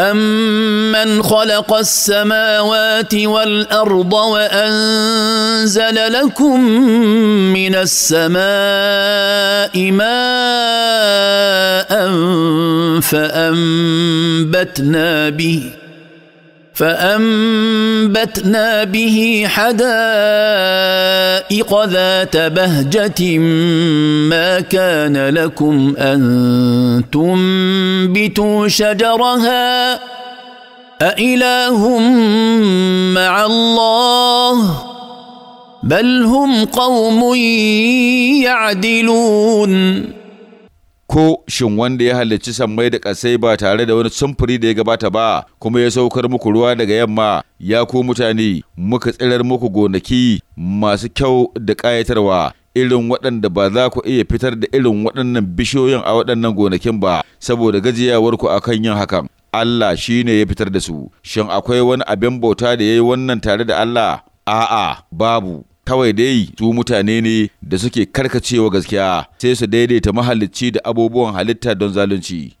امن خلق السماوات والارض وانزل لكم من السماء ماء فانبتنا به فانبتنا به حدائق ذات بهجه ما كان لكم ان تنبتوا شجرها أإله مع الله بل هم قوم يعدلون ko shin wanda ya halarci sammai da Kasai ba tare da wani sumfuri da ya gabata ba kuma ya saukar muku ruwa daga yamma ya ku mutane muka tsirar muku gonaki masu kyau da ƙayatarwa irin waɗanda ba za ku iya fitar da irin waɗannan bishiyoyin a waɗannan gonakin ba saboda gajiyawarku akan yin hakan Allah shi ne ya fitar da su shin akwai wani abin bauta da ya yi wannan tare da Allah a'a babu kawai dai su mutane ne da suke karkacewa gaskiya sai su daidaita mahalicci da abubuwan halitta don zalunci